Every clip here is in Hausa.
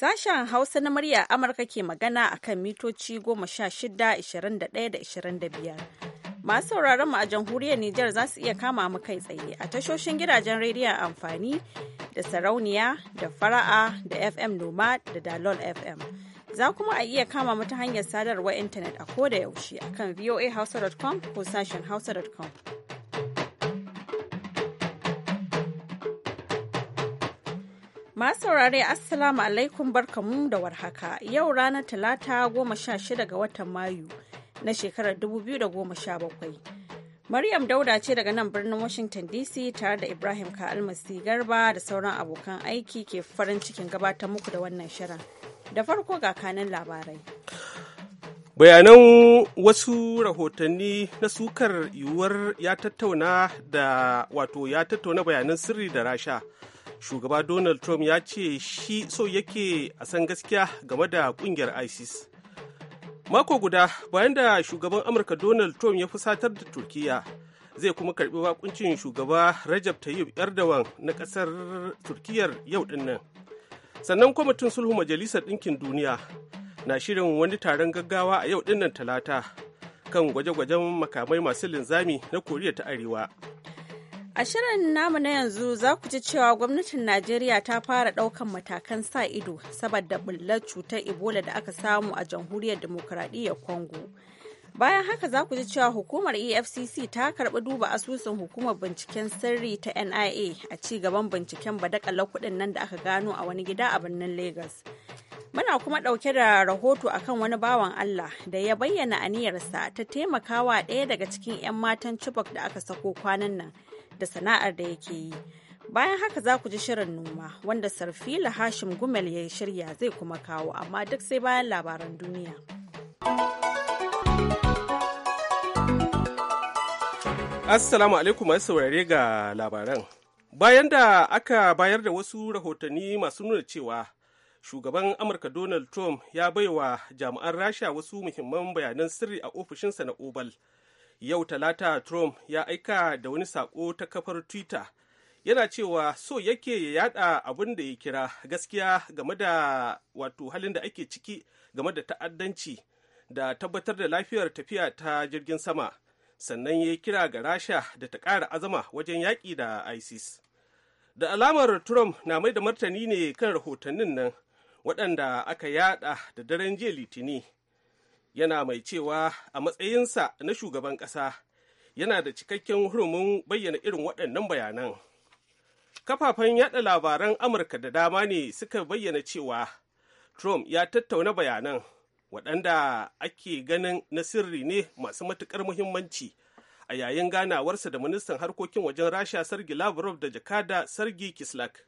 Sashen Hausa na murya Amurka ke magana a kan mitoci 16, 21 da 25. Masu sauraron mu a jamhuriyar Nijar za su iya kama mu kai tsaye a tashoshin gidajen rediyon amfani da sarauniya da fara'a da FM Noma da Dalol FM. Za kuma a iya kama mu ta hanyar sadarwar intanet a koda yaushe kan voahausa.com ko sashen hausa.com. Masu saurare Assalamu alaikum barkamu da warhaka. Yau ranar Talata goma sha shida ga watan Mayu na shekarar dubu biyu da goma sha bakwai. Maryam Dauda ce daga nan birnin Washington DC tare da Ibrahim Ka'almasi Garba da sauran abokan aiki ke farin cikin gabatar muku da wannan shirin. Da farko ga kanin labarai. Bayanan wasu rahotanni na sukar yiwuwar ya tattauna da wato ya tattauna bayanan sirri da rasha. shugaba donald trump ya ce shi so yake a san gaskiya game da kungiyar isis mako guda bayan da shugaban amurka donald trump ya fusatar da turkiya zai kuma karbi bakuncin shugaba rajab tayyip erdogan na kasar turkiyar yau dinnan sannan kwamitin sulhu majalisar ɗinkin duniya na shirin wani taron gaggawa a yau dinnan talata kan gwaje-gwajen makamai masu linzami na koriya ta arewa A shirin namu na yanzu za ku ji cewa gwamnatin Najeriya ta fara ɗaukan matakan sa ido saboda bullar cutar Ebola da aka samu a jamhuriyar demokuraɗiyyar Congo. Bayan haka za ku ji cewa hukumar EFCC ta karɓi duba asusun hukumar binciken sirri ta NIA a ci gaban binciken badakalar kuɗin nan da aka gano a wani gida a birnin Lagos. Muna kuma ɗauke da rahoto akan wani bawan Allah da ya bayyana aniyarsa ta taimakawa ɗaya daga cikin 'yan matan Chibok da aka sako kwanan nan. da sana'ar da yake yi. Bayan haka za ku ji shirin noma wanda Sarfila Hashim Gumel ya shirya zai kuma kawo amma duk sai bayan labaran duniya. Assalamu alaikum masu saurare ga labaran. Bayan da aka bayar da wasu rahotanni masu nuna cewa shugaban Amurka Donald Trump ya baiwa jami'an Rasha wasu muhimman bayanan sirri a ofishinsa na Obal. yau talata trump ya aika da wani sako ta kafar twitter yana cewa so yake ya yada abin da ya kira gaskiya game da wato halin da ake ciki game da ta'addanci da tabbatar da lafiyar tafiya ta jirgin sama sannan ya kira ga rasha da ta ƙara azama wajen yaƙi da isis da alamar trump na mai da martani ne kan rahotannin nan waɗanda aka yada da daren jiya litini yana mai cewa a matsayinsa na shugaban ƙasa yana da cikakken hurumin bayyana irin waɗannan bayanan kafafen yaɗa labaran amurka da dama ne suka bayyana cewa trump ya tattauna bayanan waɗanda ake ganin na sirri ne masu matuƙar muhimmanci a yayin ganawarsa da ministan harkokin wajen rasha sargi lavrov da jakada sargi kislak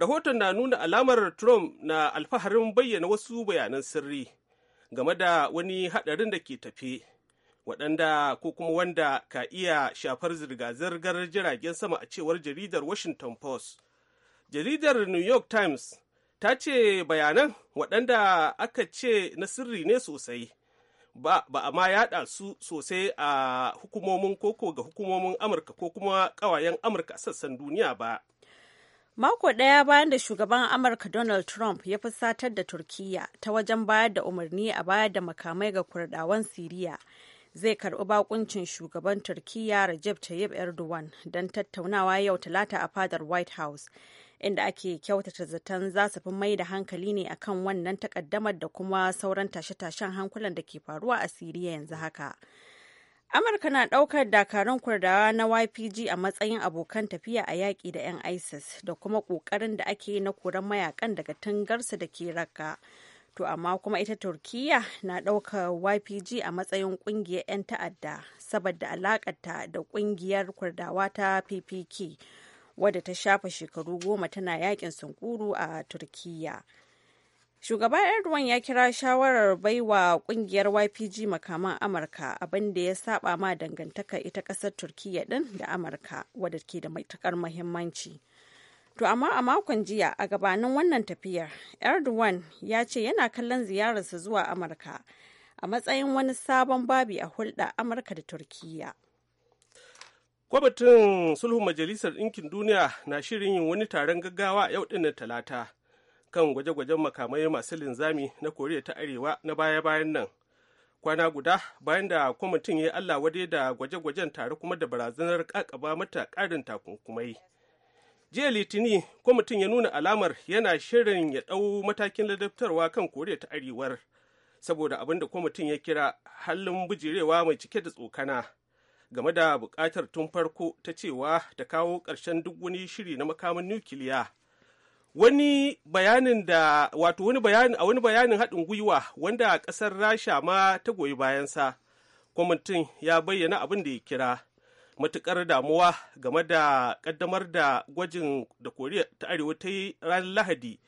rahoton na nuna alamar trump na alfaharin bayyana wasu bayanan sirri game da wani haɗarin da ke tafe waɗanda ko kuma wanda ka iya shafar zirga-zirgar jiragen sama a cewar jaridar washington post jaridar new york times ta ce bayanan waɗanda aka ce na sirri ne sosai ba, ba a ma yaɗa su sosai a hukumomin koko ga hukumomin amurka ko kuma ƙawayen amurka sassan duniya ba Mako ɗaya bayan da shugaban Amurka Donald Trump ya fusatar da Turkiyya ta wajen bayar da umarni a bayar da makamai ga kurdawan Siriya, zai karɓi bakuncin shugaban Turkiyya Recep Tayyip Erdogan don tattaunawa yau Talata a fadar White House, inda ake kyautata zaton za su fi mai da hankali ne akan wannan takaddamar da kuma sauran tashe-tashen hankulan da ke faruwa a Siriya yanzu haka. amurka na ɗaukar dakarun kurdawa na ypg a matsayin abokan tafiya a yaƙi da 'yan isis da kuma ƙoƙarin da ake yi na koran mayakan daga tangarsa da ke raka to amma kuma ita Turkiyya na ɗaukar ypg a matsayin ƙungiyar 'yan ta'adda saboda alaƙarta da ƙungiyar kurdawa ta ppk wadda ta shafa shekaru goma tana yaƙin sunkuru a Turkiyya. Shugaban Erdogan ya kira shawarar baiwa kungiyar YPG makaman Amurka abin da ya saba ma dangantaka ita kasar Turkiyya din da Amurka wadda ke da matukar muhimmanci. To amma a makon jiya a gabanin wannan tafiyar, Erdogan ya ce yana kallon ziyararsa zuwa Amurka a matsayin wani sabon babi a hulɗa Amurka da Turkiyya. Kwamitin sulhu Majalisar Ɗinkin Duniya na shirin yin wani taron gaggawa yau ɗin Talata. kan gwaje-gwajen makamai masu linzami na koriya ta arewa na baya-bayan nan kwana guda bayan da kwamitin ya allah wade da gwaje-gwajen tare kuma da barazanar kakaba mata karin takunkumai jiya litini kwamitin ya nuna alamar yana shirin ya ɗau matakin ladabtarwa kan koriya ta arewar saboda abin da kwamitin ya kira halin bijirewa mai cike da tsokana game da buƙatar tun farko ta cewa ta kawo ƙarshen duk wani shiri na makaman nukiliya wani bayanin da wato wani bayanin a wani bayanin haɗin gwiwa wanda ƙasar rasha ma ta goyi bayansa kwamitin ya bayyana abin da ya kira matuƙar damuwa game da ƙaddamar da gwajin da koriya ta arewa ta yi ranar lahadi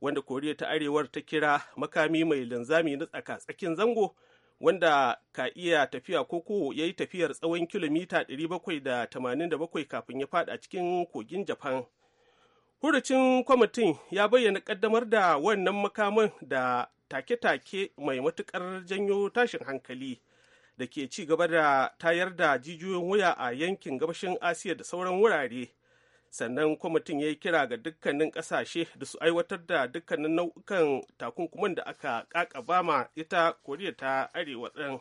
wanda koriya ta arewar ta kira makami mai linzami na tsaka tsakin zango wanda ka iya tafiya koko ya yi tafiyar tsawon kilomita 787 kafin ya fada cikin kogin japan Hurucin kwamitin ya bayyana ƙaddamar da wannan makaman da take-take mai matuƙar janyo tashin hankali da ke ci gaba da tayar da jijiyoyin wuya a yankin gabashin Asiya da sauran wurare. Sannan kwamitin ya yi kira ga dukkanin ƙasashe da su aiwatar da dukkanin nau'ukan takunkuman da aka ba ma ita Koriya ta Arewa ɗin.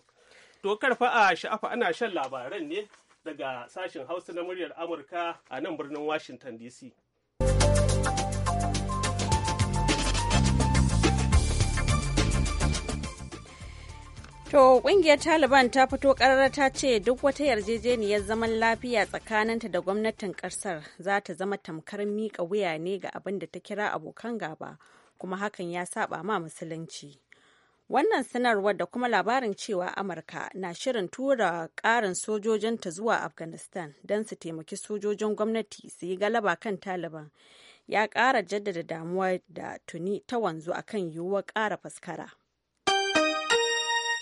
To karfa a sha'afa ana shan labaran ne daga sashen Hausa na muryar Amurka a nan birnin Washington DC. To kungiyar Taliban ta fito karara ta ce duk wata yarjejeniyar zaman lafiya tsakaninta da gwamnatin kasar za ta zama tamkar miƙa wuya ne ga abin da ta kira abokan gaba kuma hakan ya saba ma musulunci. Wannan sanarwar da kuma labarin cewa Amurka na shirin tura ƙarin sojojinta zuwa Afghanistan don su taimaki sojojin gwamnati su yi galaba kan Taliban ya ƙara jaddada damuwa da tuni ta wanzu akan yiwuwar ƙara fuskara.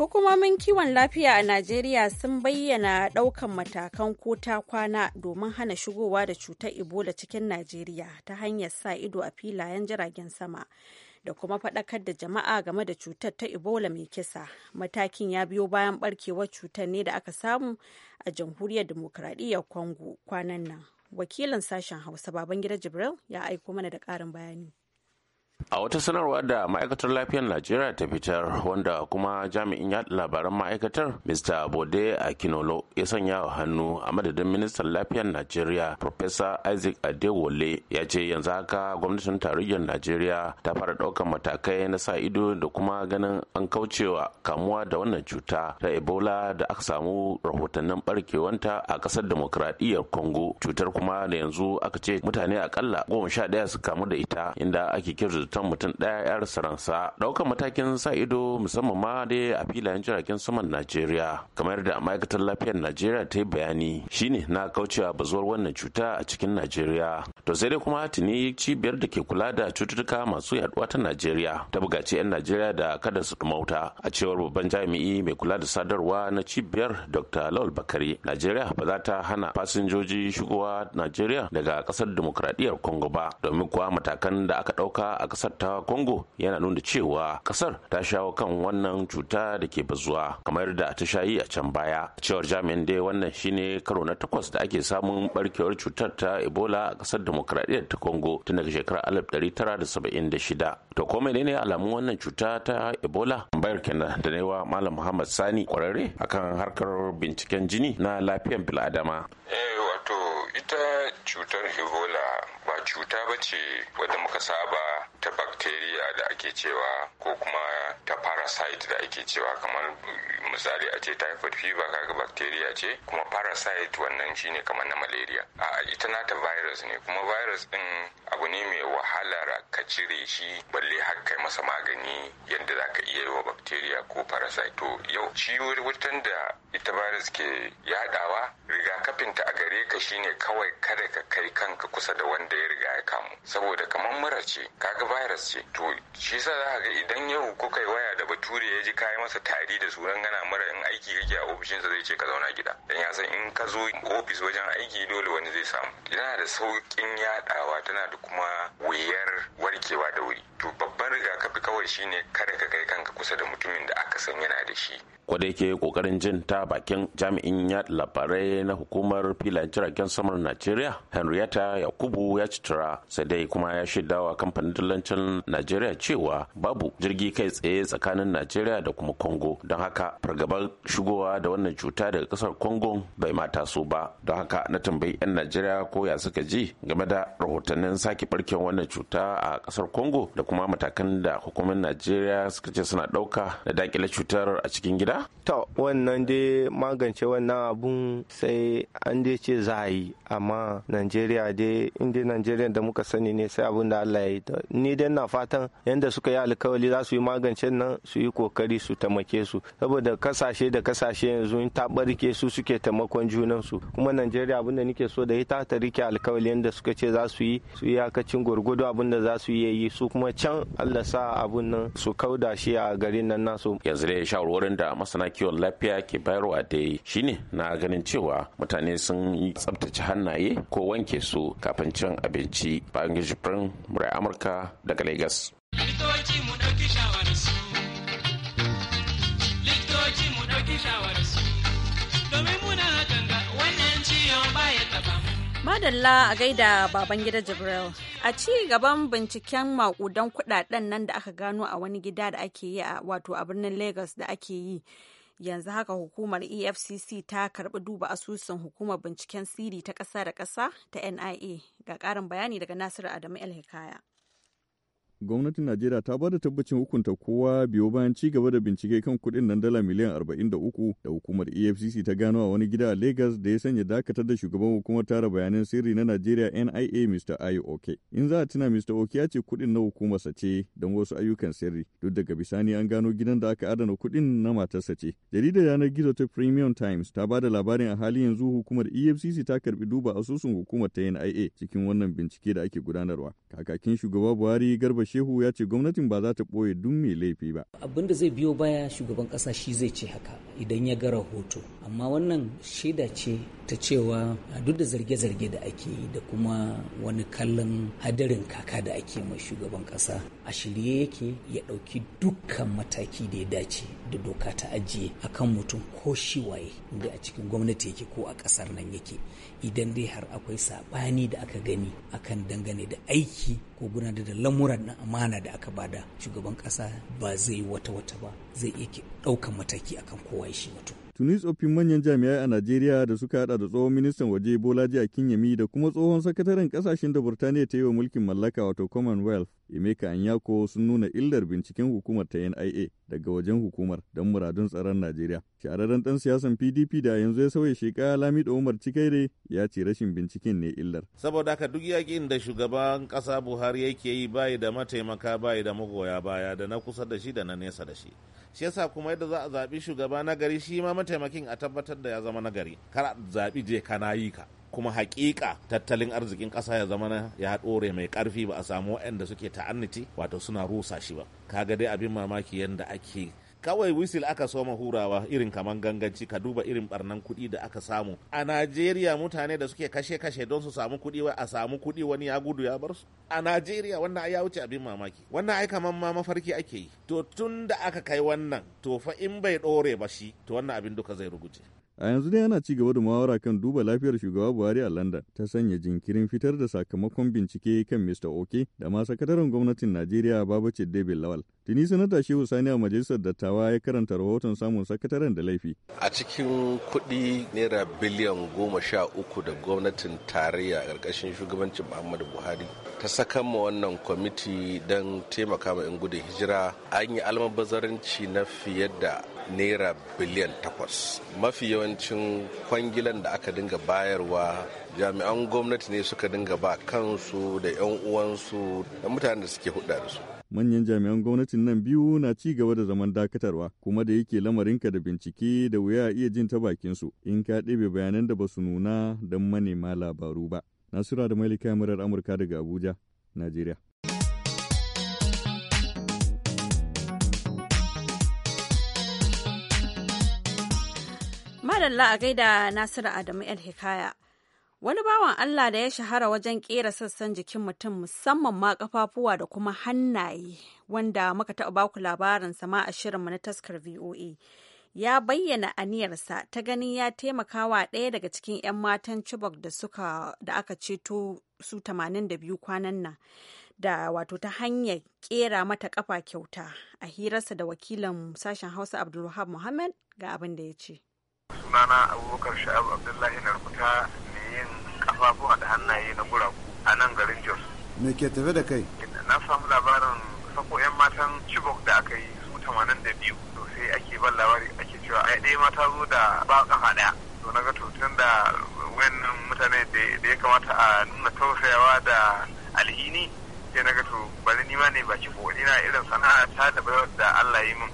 Hukumomin kiwon lafiya a Najeriya sun bayyana ɗaukan matakan ko ta kwana domin hana shigowa da cutar Ebola cikin Najeriya ta hanyar sa ido a filayen jiragen sama da kuma faɗakar da jama'a game da cutar ta Ebola mai kisa. Matakin ya biyo bayan ɓarkewar cutar ne da aka samu a jamhuriyar dimokuraɗiyyar Kwango kwanan nan. Wakilin sashen Hausa Babangida Jibril ya aiko mana da ƙarin bayani. a wata sanarwa da ma'aikatar lafiyar najeriya ta fitar wanda kuma jami'in yaɗa labaran ma'aikatar mr bode akinolo ya sanya wa hannu a madadin ministan lafiyar najeriya professor isaac adewole ya ce yanzu haka gwamnatin tarayyar najeriya ta fara ɗaukar matakai na sa ido da kuma ganin an kaucewa kamuwa da wannan cuta ta ebola da aka samu rahotannin barkewanta a ƙasar demokradiyyar congo cutar kuma da yanzu aka ce mutane akalla goma sha ɗaya su kamu da ita inda ake kirta cutar mutum ɗaya 'yar saransa. ransa ɗaukar matakin sa ido musamman ma dai a filayen jiragen saman najeriya kamar da ma'aikatar lafiyar najeriya ta yi bayani shine na kaucewa bazuwar wannan cuta a cikin najeriya to sai dai kuma tuni cibiyar da ke kula da cututtuka masu yaduwa ta najeriya ta bugaci 'yan najeriya da kada su dumauta a cewar babban jami'i mai kula da sadarwa na cibiyar dr lawal bakari najeriya ba za ta hana fasinjoji shigowa najeriya daga kasar demokradiyyar Kongo ba domin kuwa matakan da aka ɗauka a kasar ta congo yana nuna cewa kasar ta shawo kan wannan cuta da ke bazuwa kamar da ta shayi a can baya cewar jami'in dai wannan shine karo na takwas da ake samun barkewar cutar ta ebola a kasar demokradiyyar ta congo tun daga shekarar shida. to ko ne alamun wannan cuta ta ebola bayar kenan da naiwa malam muhammad sani kwararre akan harkar binciken jini na lafiyar bil'adama eh wato ita cutar ebola ba cuta bace ce wadda muka saba ta bacteria da ake cewa ko kuma ta parasite da ake cewa kamar misali a ce typhoid fever kaga bacteria ce kuma parasite wannan shine kamar na malaria a ita na ta virus ne kuma virus din abu ne mai wahalar ka cire shi balle har kai masa magani yadda za ka iya yi wa bacteria ko parasite to yau wutan da ita virus ke yadawa rigakafinta a gare ka shine kawai kada ka kai kanka kusa da wanda ya riga ya kamu saboda kamar mura ce kaga virus ce to shi sa za ga idan yau kuka kai waya da bature ya ji kayi masa tari da sunan gana mura in aiki kake a ofishinsa zai ce ka zauna gida dan ya san in ka zo ofis wajen aiki dole wani zai samu yana da sauƙin yadawa tana da kuma wuyar warkewa da wuri to babban rigakafi kawai shine kada ka kai kanka kusa da mutumin da aka san yana da shi da ke kokarin jin ta bakin jami'in yaɗa labarai na hukumar filayen jiragen saman najeriya henrietta yakubu ya citara sai dai kuma ya shaidawa kamfanin dillancin najeriya cewa babu jirgi kai tsaye tsakanin najeriya da kuma congo don haka fargabar shigowa da wannan cuta daga kasar congo bai ma taso ba don haka na tambayi 'yan najeriya ko ya suka ji game da rahotannin sake barkewar wannan cuta a kasar congo da kuma matakan da hukumar najeriya suka ce suna ɗauka da dakile cutar a cikin gida ta To, wannan dai magance wannan abun sai an dai ce za a yi, amma Najeriya dai inda Najeriya da muka sani ne sai abun da Allah ya yi. Ni dai na fatan yadda suka yi alkawali za su yi magance nan su yi kokari su taimake su. Saboda kasashe da kasashe yanzu in ta barke su suke taimakon junan su. Kuma Najeriya abun da nake so da ita ta rike alkawali yadda suka ce za su yi su yi akacin gwargwado abun da za su yi su kuma can Allah sa abun nan su kauda shi a garin nan nasu. Yanzu dai shawarwarin da masana kiwon lafiya ke bayarwa dai shine na ganin cewa mutane sun tsabtace hannaye ko wanke su kafin cin abinci bayan gajibirin murai amurka daga lagos Likitoci mu ɗauki shawararsu. Likitoci mu ɗauki shawararsu. Madalla a gaida baban gida Jibril. A ci gaban binciken makudan kudaden nan da aka gano a wani gida da ake yi a wato a birnin Lagos da ake yi. Yanzu haka hukumar EFCC ta karbi duba asusun hukumar binciken siri ta ƙasa da ƙasa ta NIA. Ga ƙarin bayani daga Nasiru Adamu El Hikaya. gwamnatin Najeriya ta bada tabbacin hukunta kowa biyo bayan ci gaba da bincike kan kuɗin nan dala miliyan arba'in da uku da hukumar EFCC ta gano a wani gida a Lagos da ya sanya dakatar da shugaban hukumar tara bayanan sirri na Najeriya NIA Mr. Ayo Oke. In za a tuna Mr. Oke ya ce kuɗin na hukumarsa sace don wasu ayyukan sirri duk daga bisani an gano gidan da aka adana kuɗin na matarsa ce. Jaridar yanar gizo ta Premium Times ta bada labarin a halin yanzu hukumar EFCC ta karbi duba asusun hukumar ta NIA cikin wannan bincike da ake gudanarwa. Kakakin shugaba Buhari Garba Shehu ya ce gwamnatin ba za ta ɓoye duk mai laifi ba. Abin da zai biyo baya shugaban ƙasa shi zai ce haka idan ya ga rahoto amma wannan shaida ce ta cewa duk da zarge-zarge da ake yi da kuma wani kallon hadarin kaka da ake mai shugaban kasa a shirye yake ya ɗauki dukkan mataki da ya dace da doka ta ajiye a kan mutum ko shiwaye waye a cikin gwamnati yake ko a ƙasar nan yake idan dai har akwai saɓani da aka gani akan dangane da aiki ko gudanar da lamuran na amana da aka bada shugaban ƙasa ba zai wata-wata ba zai iya ɗaukan mataki akan kowa shi mutum tuni tsoffin manyan jami'ai a Najeriya da suka hada da tsohon ministan waje Bolaji Akinyemi da kuma tsohon sakataren kasashen da Burtaniya ta yi wa mulkin mallaka wato Commonwealth Emeka Anyako sun nuna illar binciken hukumar ta NIA daga wajen hukumar don muradun tsaron Najeriya. Shahararren dan siyasan PDP da yanzu ya sauya sheka da Umar Cikaire ya ce rashin binciken ne illar. Saboda haka duk yakin da shugaban kasa Buhari yake yi bayi da mataimaka bayi da magoya baya da na kusa da shi da na nesa da shi. Shi yasa kuma yadda za a zaɓi shugaba na gari shi ma mataimakin a tabbatar da ya zama nagari kar zaɓi je kana yi ka kuma hakika tattalin arzikin ƙasa ya zama ya ɗore mai ƙarfi ba a samu waɗanda suke ta'anniti wato suna rusa shi ba ka ga dai abin mamaki yadda ake kawai wisil aka soma hurawa irin kaman ganganci ka duba irin barnan kuɗi da aka samu a najeriya mutane da suke kashe-kashe don su samu kuɗi wai a samu kuɗi wani ya gudu ya bar su a najeriya wannan ya wuce abin mamaki wannan ai kaman ma mafarki ake yi to tun da aka kai wannan to fa in bai ɗore ba shi to wannan abin duka zai ruguje A yanzu dai ana ci gaba da muhawara kan duba lafiyar shugaba Buhari a London ta sanya jinkirin fitar da sakamakon bincike kan Mr. Oke da ma sakataren gwamnatin Najeriya Babace David Lawal. Tuni sanata Shehu Sani a majalisar dattawa ya karanta rahoton samun sakataren da laifi. A cikin kuɗi naira biliyan goma sha uku da gwamnatin tarayya a ƙarƙashin shugabancin Muhammadu Buhari ta saka ma wannan kwamiti don taimaka ma 'yan gudun hijira an yi almabazarinci na fiye da naira biliyan takwas mafi yawancin kwangilan da aka dinga bayarwa jami'an gwamnati ne suka dinga ba kansu da 'yan uwansu da mutanen da suke hudu da su manyan jami'an gwamnatin nan biyu na ci gaba da zaman dakatarwa kuma da yake lamarinka da bincike da wuya iya jin ta bakinsu in ka ɗebe bayanan da basu nuna don manema labaru ba nasura da mailika murar amurka daga abuja najeriya Madalla a gaida Nasiru Adamu El Hikaya. Wani bawan Allah da ya shahara wajen kera sassan jikin mutum musamman ma kafafuwa da kuma hannaye wanda muka taɓa baku labarin sama a shirinmu na taskar VOA. Ya bayyana aniyarsa ta ganin ya taimakawa ɗaya daga cikin 'yan matan Chibok da suka da aka ceto su 82 kwanan nan. da wato ta hanyar kera mata kafa kyauta a hirarsa da wakilin sashen hausa abdulwahab muhammad ga abin da ya ce sunana abubakar sha'ab abdullahi narkuta ne yin kafafuwa da hannaye na guragu a nan garin jos me ke tafe da kai na samu labarin sako yan matan chibok da aka yi su tamanin da biyu to sai ake ban labari ake cewa ai ɗaya mata zo da ba kafa ɗaya to na ga tutun da wannan mutane da ya kamata a nuna tausayawa da alhini sai na ga to bari nima ne ki kokari na irin sana'a ta da bayar da Allah yi min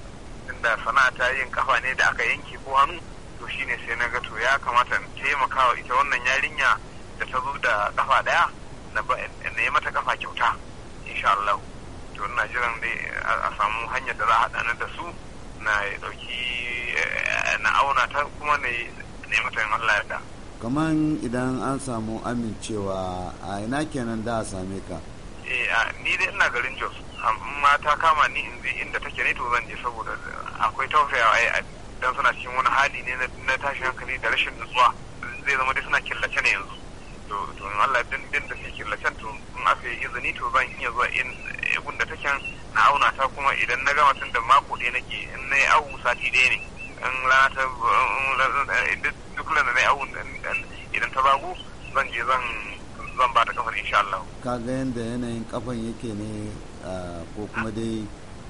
tunda sana'a ta yin kafa ne da aka yanke ko hannu to shine sai na ga to ya kamata in taimakawa ita wannan yarinya da ta zo da kafa daya na yi mata kafa kyauta insha Allah to ina jiran dai a samu hanyar da za a haɗa da su na dauki eh, na auna ta kuma na yi mata yin Allah yarda kamar idan an samu amincewa a ina kenan da a same ka eh ni dai ina garin Jos amma ta kama ni inda take ne to zan je saboda akwai tausayawa ai dan suna cikin wani hali ne na tashi hankali da rashin nutsuwa zai zama dai suna killace ne yanzu to in Allah din din da suke killacen to in aka yi izini to zan iya zuwa in gunda take na auna ta kuma idan na gama tun da mako ɗaya nake in na awu sati ɗaya ne in rana ta eh, duk da na yi awu idan ta bagu zan je zan zan ba ta kafar insha Allah kaga yanda yanayin kafan yake ne ah, ko kuma dai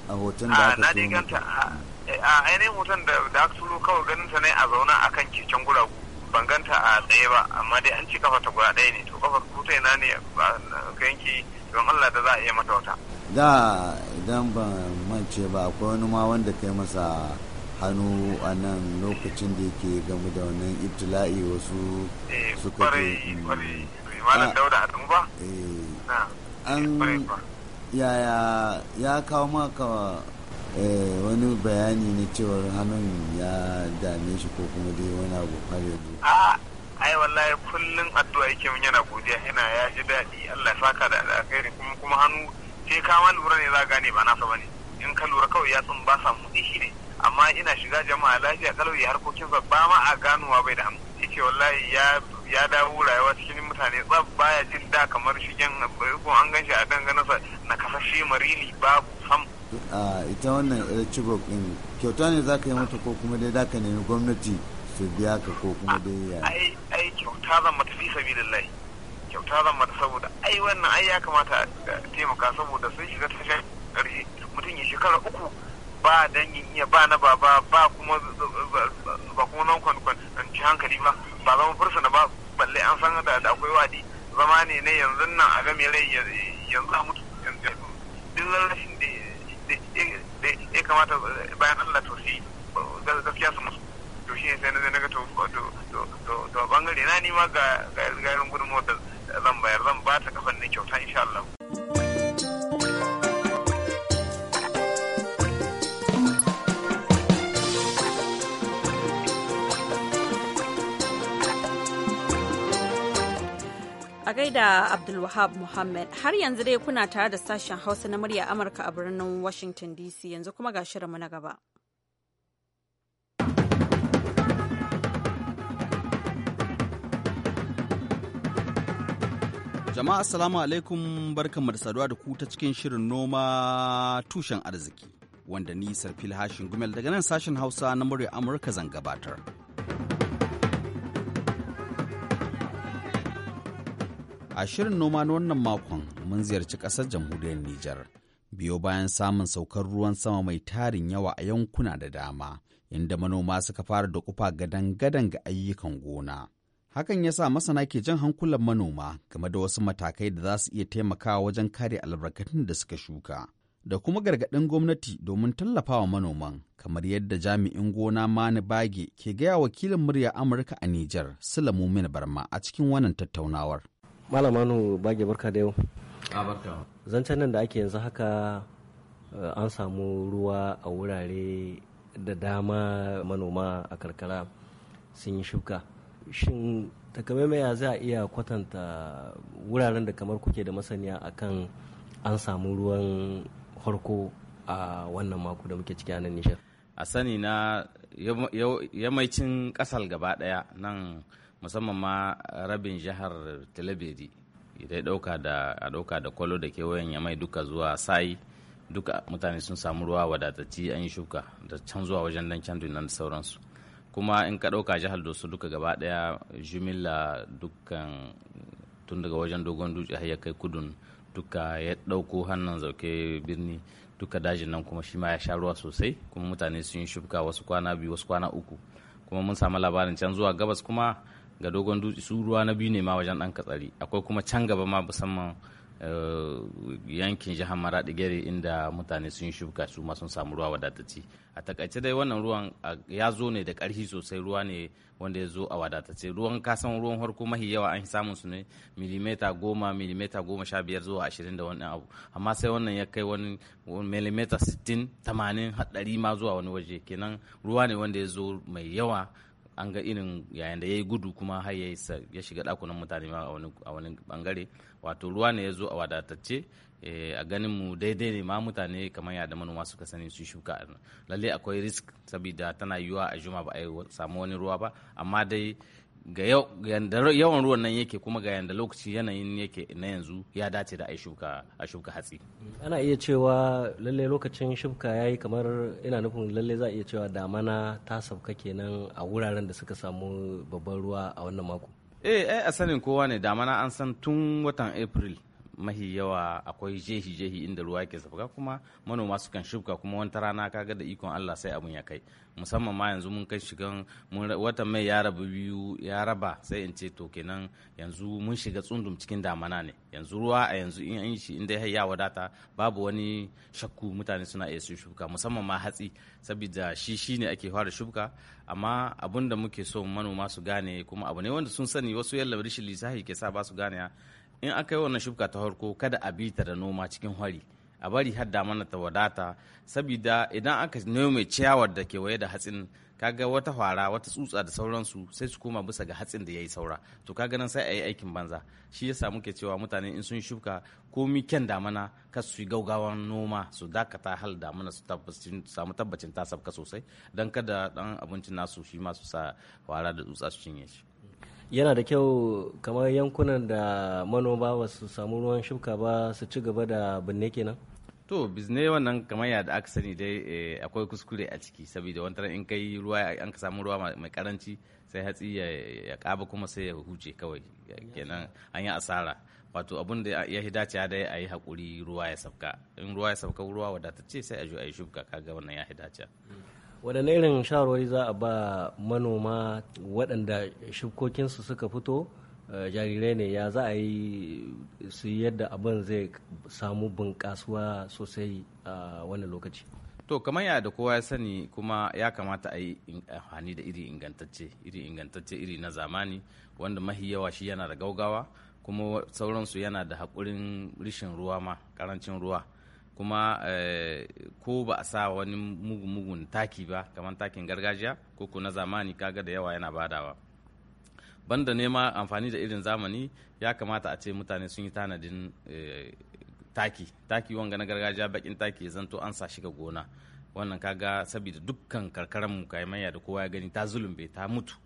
a hoton da ah, aka turo a ah, eh, ah, ainihin hoton da aka turo kawai ganin ta ne a zauna akan keken guragu ban ganta a tsaye ba amma dai an ci kafa ta guda ɗaya ne to kafa kuta ina ne ka yanki don Allah da za a iya mata wata da idan ban mance ba akwai wani ma wanda kai masa hannu a nan lokacin da yake gamu da wannan ibtila'i wasu eh, suka kwarai mm. malam dauda adamu ba eh. an yaya ya kawo maka eh, wani bayani na cewar hannun ya dame shi ko kuma dai wani abu har a ai wallahi kullum addu'a yake min yana godiya yana ya ji daɗi Allah ya saka da alkhairi kuma kuma hannu ce kama lura ne za gane ba nasa bane in ka lura kawai ya tsun ba sa mudi shi ne amma ina shiga jama'a lafiya kalauyi harkokin sa ba ma a ganuwa bai da hannu yake wallahi ya ya dawo rayuwa cikin mutane tsab baya jin da kamar shigen ko an ganshi a danganarsa hasashe marini babu sam a ita wannan electric din kyauta ne za ka yi mata ko kuma dai za ka nemi gwamnati su biya ka ko kuma dai ya ai kyauta zan mata fi lai. kyauta zan mata saboda ai wannan ai ya kamata a taimaka saboda sun shiga tashar karshe mutum ya shekara uku ba dangin iya ba na baba ba kuma ba kuma nan kwankwan ci hankali ba ba zama fursuna ba balle an san da akwai wadi zama ne na yanzu nan a game rai yanzu a mutu duk lallashin da ya kamata bayan Allah to shi gaskiya su musu to shi ne sai na naga to to bangare na nima ga ga irin gudunmawar da zan bayar zan ba ta kafan ne kyauta insha Allah da Abdulwahab Muhammad har yanzu dai kuna tare da sashen Hausa na murya Amurka a birnin Washington DC yanzu kuma ga shirinmu na gaba. Jama'a assalamu alaikum barkanmu da saduwa da ku ta cikin shirin noma tushen arziki wanda ni Sarfil Hashin Gumel daga nan sashen Hausa na murya Amurka zan gabatar. A shirin noma na wannan makon mun ziyarci ƙasar jamhuriyar Nijar, biyo bayan samun saukar ruwan sama mai tarin yawa a yankuna da dama, inda manoma suka fara da kufa gadan-gadan ga ayyukan gona. Hakan ya sa masana ke jan hankulan manoma game da wasu matakai da za su iya taimakawa wajen kare albarkatun da suka shuka, da kuma gargaɗin gwamnati domin tallafawa manoman, kamar yadda jami'in gona Mani Bage ke gaya wakilin murya Amurka a Nijar, Sulamu Barma a cikin wannan tattaunawar. malamanu bage barka da yau ah, zancen nan da ake yanzu haka eh, an samu ruwa a wurare da dama manoma a karkara sun yi shuka shin takamaimaya za a iya kwatanta wuraren da kamar kuke da masaniya a kan an samu ruwan harko a wannan mako da muke ciki a nan nishar a sani na yamaicin kasar gaba ɗaya nan musamman ma rabin jihar telebedi idan dauka da a dauka da kwalo da kewayen ya mai duka zuwa sai duka mutane sun samu ruwa wadatacci an yi shuka da can zuwa wajen dan can nan da sauransu kuma in ka dauka jihar dosu duka gaba daya jumilla dukkan tun daga wajen dogon dutse har ya kai kudun duka ya dauko hannun zauke birni duka dajin nan kuma shi ma ya sha ruwa sosai kuma mutane sun yi shuka wasu kwana biyu wasu kwana uku kuma mun samu labarin can zuwa gabas kuma ga dogon dutse su ruwa na biyu ne ma wajen ɗan katsari akwai kuma can gaba ma musamman eh, yankin jihar maraɗi gere inda mutane sun shuka su ma sun samu ruwa wadatacce a takaice dai wannan ruwan ya zo ne da ƙarfi sosai ruwa ne wanda ya zo a wadatace ruwan kasan ruwan harko mahi yawa an samun su ne milimeta goma milimeta goma sha biyar zuwa ashirin da wani abu amma sai wannan ya kai wani milimeta sittin tamanin haɗari ma zuwa wani waje kenan ruwa ne wanda ya zo mai yawa an ga irin yayin da ya yi gudu kuma har ya shiga ɗakunan mutane a wani bangare wato ruwa ne ya zo a wadatacce eh, a ganin mu daidai ne ma mutane kamar yadda manoma suka sani su shuka lalle akwai risk saboda tana yiwuwa a juma ba a samu wani ruwa ba amma dai ga yawan ruwan nan yake kuma ga yanda lokaci yanayin yake na yanzu ya dace da a shuka a shuka hatsi ana iya cewa lalle lokacin shuka yayi kamar ina nufin lalle za a iya cewa damana ta sauka kenan a wuraren da suka samu babban ruwa a wannan mako eh a sanin kowa ne damana an san tun watan april mahi yawa akwai jehi jehi inda ruwa ke zafuka kuma manoma sukan shubka kuma wata rana kaga da ikon Allah sai abun ya kai musamman ma yanzu mun kai shigan watan mai ya raba biyu ya raba sai in ce to kenan yanzu mun shiga tsundum cikin damana ne yanzu ruwa a yanzu in an shi inda ya wadata babu wani shakku mutane suna iya su shubka musamman ma hatsi saboda shi shi ne ake fara shubka amma abun da muke so manoma su gane kuma abu ne wanda sun sani wasu yalla rishin lissafi ke sa ba su gane in aka yi wannan shuka ta harko kada a bi ta da noma cikin hwari a bari har mana ta wadata sabida idan aka nome ciyawar da ke waye da hatsin kaga wata hwara wata tsutsa da sauransu sai su koma bisa ga hatsin da ya yi saura to kaga nan sai a yi aikin banza shi ya samu ke cewa mutane in sun shuka komi kyan damana ka su gaugawan noma su dakata hal damana su samu tabbacin tasabka sosai don kada dan abincin nasu shi ma sa hwara da tsutsa su cinye shi yana da kyau kamar yankunan da manoma ba su samu ruwan shuka ba su ci gaba da binne kenan to bizne wannan kamar yadda aka sani dai eh, akwai kuskure a ciki saboda wani in kai ruwa an ka samu ruwa mai karanci sai hatsi ya kaba kuma sai ya huce kawai kenan an yi asara wato abun da ya dace dai a yi haƙuri ruwa ya sauka in ruwa ya sauka ruwa wadatacce sai a zo a yi shubka kaga wannan ya dace waɗanne irin shawarwari za a ba manoma waɗanda shukokinsu suka fito eh, jarirai ne ya za a yi su yadda abin zai samu bunƙasuwa sosai a wannan lokaci to kamar ya da kowa ya sani kuma ya kamata a yi amfani da iri ingantacce iri ingantacce iri na zamani wanda mahi yawa shi yana da gaugawa kuma sauransu yana da haƙurin rishin ruwa ma ƙarancin ruwa kuma eh, ko ba a sa wani mugun taki ba kamar takin gargajiya ko ko na zamani kaga da yawa yana badawa banda nema amfani da irin zamani ya kamata a ce mutane sun yi tanadin eh, taki taki wanga na gargajiya bakin taki ya zanto an sa shi ga gona wannan kaga saboda dukkan karkaran mu kaimayya da kowa ya gani ta zulumbe ta mutu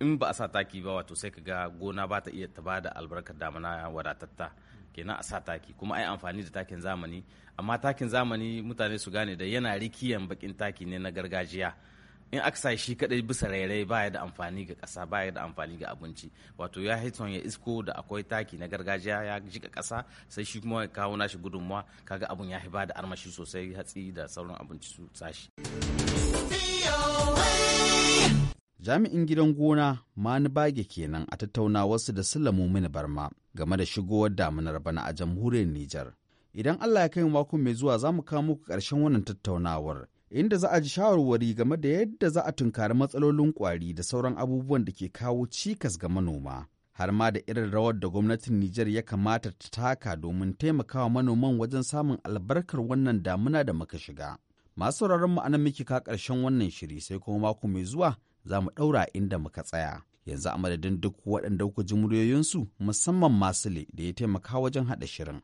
in ba a sa taki ba wato sai ka ga gona ba ta iya ta bada albarkar damana wadatatta kenan a sa taki kuma ai amfani da takin zamani amma takin zamani mutane su gane da yana rikiyan bakin taki ne na gargajiya in aka sa shi kadai bisa rairai baya da amfani ga kasa baya da amfani ga abinci wato ya hiton ya isko da akwai taki na gargajiya ya jika kasa sai shi kuma kawo nashi gudunmuwa kaga abun ya ba da armashi sosai hatsi da sauran abinci su tsashi Jami'in gidan gona Mani Bage kenan a tattauna wasu da Sulamu mini Barma game da shigowar damunar bana a jamhuriyar Nijar. Idan Allah ya kai mako mai zuwa za mu kawo muku ƙarshen wannan tattaunawar, inda za a ji shawarwari game da yadda za a tunkari matsalolin kwari da sauran abubuwan da ke kawo cikas ga manoma. har ma da irin rawar da gwamnatin Nijar ya kamata ta taka domin taimakawa manoman wajen samun albarkar wannan damuna da muka shiga. Masu sauraron mu anan muke ka ƙarshen wannan shiri sai kuma mako mai zuwa za mu ɗaura inda muka tsaya. Yanzu a madadin duk waɗanda kuka ji muryoyinsu musamman Masile da ya taimaka wajen haɗa shirin.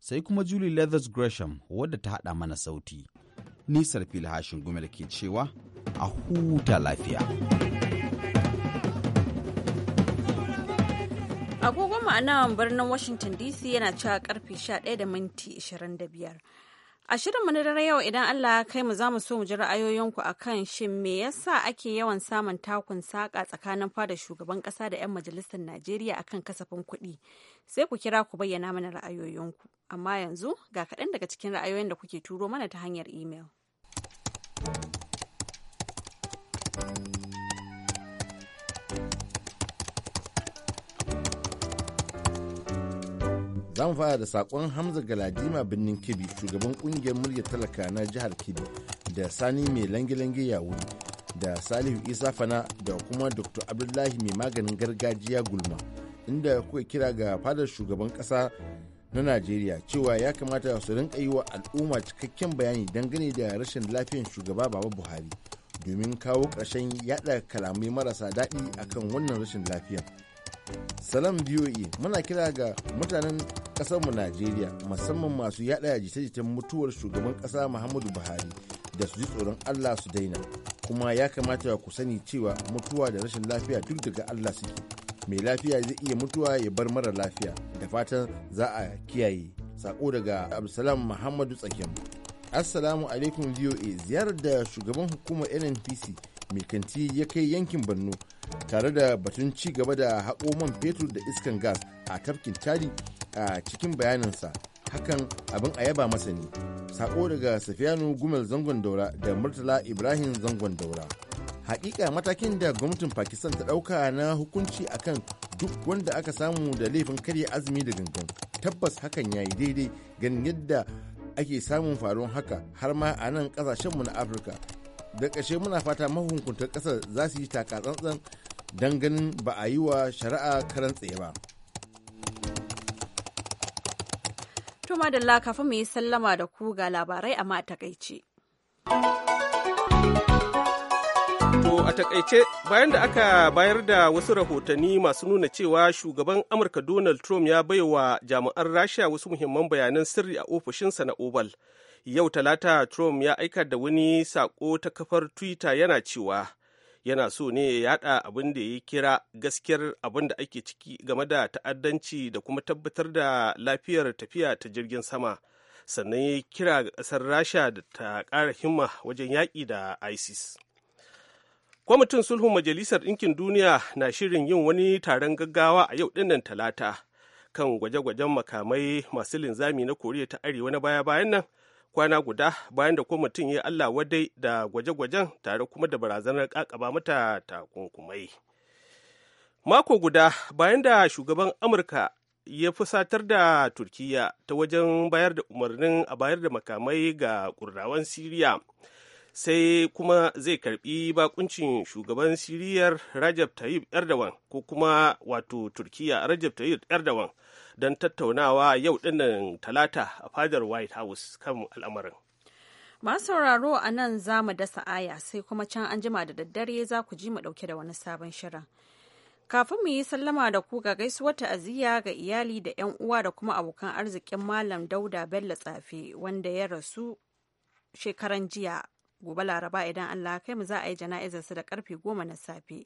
Sai kuma Julie Leathers Gresham wadda ta haɗa mana sauti. Nisar filhashin gumel ke cewa a huta lafiya. Agogon ma'ana birnin Washington DC yana cewa karfe 11 da minti 25. A shirin na dare yau idan Allah kai mu za mu so mu ji ra'ayoyinku a kan shin me yasa ake yawan samun takun saƙa tsakanin fada shugaban kasa da 'yan majalisar Najeriya akan kasafin kuɗi. Sai ku kira ku bayyana mana ra'ayoyinku. Amma yanzu ga kaɗan daga cikin ra'ayoyin da kuke turo mana ta hanyar imel. za mu fara da sakon hamza galadima birnin kibi shugaban kungiyar murya talaka na jihar kibi da sani mai langilangi ya wuri da salihu isa fana da kuma dr abdullahi mai maganin gargajiya gulma inda kuka kira ga fadar shugaban kasa na najeriya cewa ya kamata su rinka yi wa al'umma cikakken bayani dangane da rashin lafiyan shugaba baba buhari domin kawo ƙarshen yada kalamai marasa daɗi akan wannan rashin lafiyan. salam voa e, muna kira ga mutanen ƙasarmu najeriya musamman masu yada jita-jitan mutuwar shugaban kasa muhammadu buhari da su ji tsoron allah su daina kuma ya kamata ku sani cewa mutuwa da rashin lafiya duk daga allah suke mai lafiya zai iya mutuwa ya bar mara lafiya da fatan za a kiyaye sako daga salam muhammadu tsakiyar assalamu alaikum voa e, ziyarar da shugaban hukumar nnpc mai kanti ya kai yankin borno tare da batun ci gaba da haƙo man fetur da iskan gas a tafkin tari a cikin bayaninsa hakan abin a yaba masa ne sako daga safiyanu gumel zangon daura da murtala ibrahim zangon daura hakika matakin da gwamnatin pakistan ta ɗauka na hukunci akan duk wanda aka samu da laifin karya azumi da gangan tabbas hakan ya yi daidai ganin yadda ake samun faruwar haka har ma a nan kasashenmu na afirka da ƙarshe muna fata mahukuntar ƙasar za su yi takatsantsan don ganin ba a yi wa shari'a karan tsaye ba. To madalla kafin mu yi sallama da ku ga labarai amma a takaice. To a takaice bayan da aka bayar da wasu rahotanni masu nuna cewa shugaban Amurka Donald Trump ya baiwa jami'an Rasha wasu muhimman bayanan sirri a ofishinsa na Oval. yau talata trump ya aika da wani sako ta kafar twitter yana cewa yana so ne ya yada abin da ya kira gaskiyar abin da ake ciki game da ta'addanci da kuma tabbatar da lafiyar tafiya ta jirgin sama sannan ya kira ga ƙasar rasha da ta ƙara himma wajen yaƙi da isis kwamitin sulhun majalisar ɗinkin duniya na shirin yin wani taron gaggawa a yau ɗinnan talata kan gwaje-gwajen makamai masu linzami na koriya ta arewa na baya-bayan nan kwana guda bayan da ko mutum ya Allah wadai da gwaje-gwajen tare kuma da barazanar kakaba mata takunkumai. Mako guda bayan da shugaban Amurka ya fusatar da Turkiyya ta wajen bayar da umarnin a bayar da makamai ga kurdawan Siriya. sai kuma zai karbi bakuncin shugaban siriyar rajab tayyip erdogan ko kuma wato turkiya rajab tayyip erdogan don tattaunawa yau dinnan talata a fadar white house kan al'amarin masu sauraro a nan za mu dasa aya sai kuma can an jima da daddare za ku ji mu dauke da wani sabon shirin kafin mu yi sallama da ku ga gaisuwar ta'aziyya ga iyali da 'yan uwa da kuma abokan arzikin malam dauda bello tsafe wanda ya rasu shekaran jiya gobe laraba idan allah kai mu za a yi jana'izar su da karfe goma na safe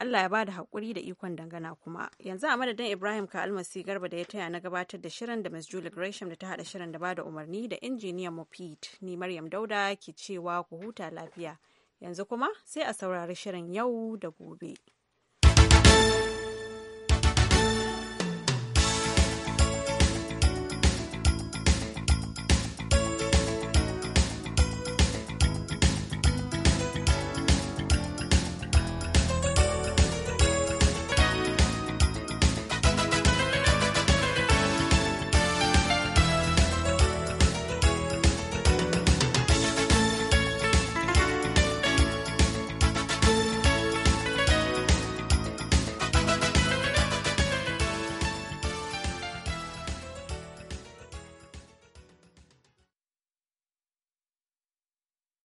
allah ya bada haƙuri da ikon dangana kuma yanzu a madadin ibrahim ka almasi garba da ya taya na gabatar da shirin da miss julie gresham da ta haɗa shirin da bada umarni da injiniyan mofit ni maryam dauda ke cewa ku huta lafiya yanzu kuma sai a saurari shirin yau da gobe.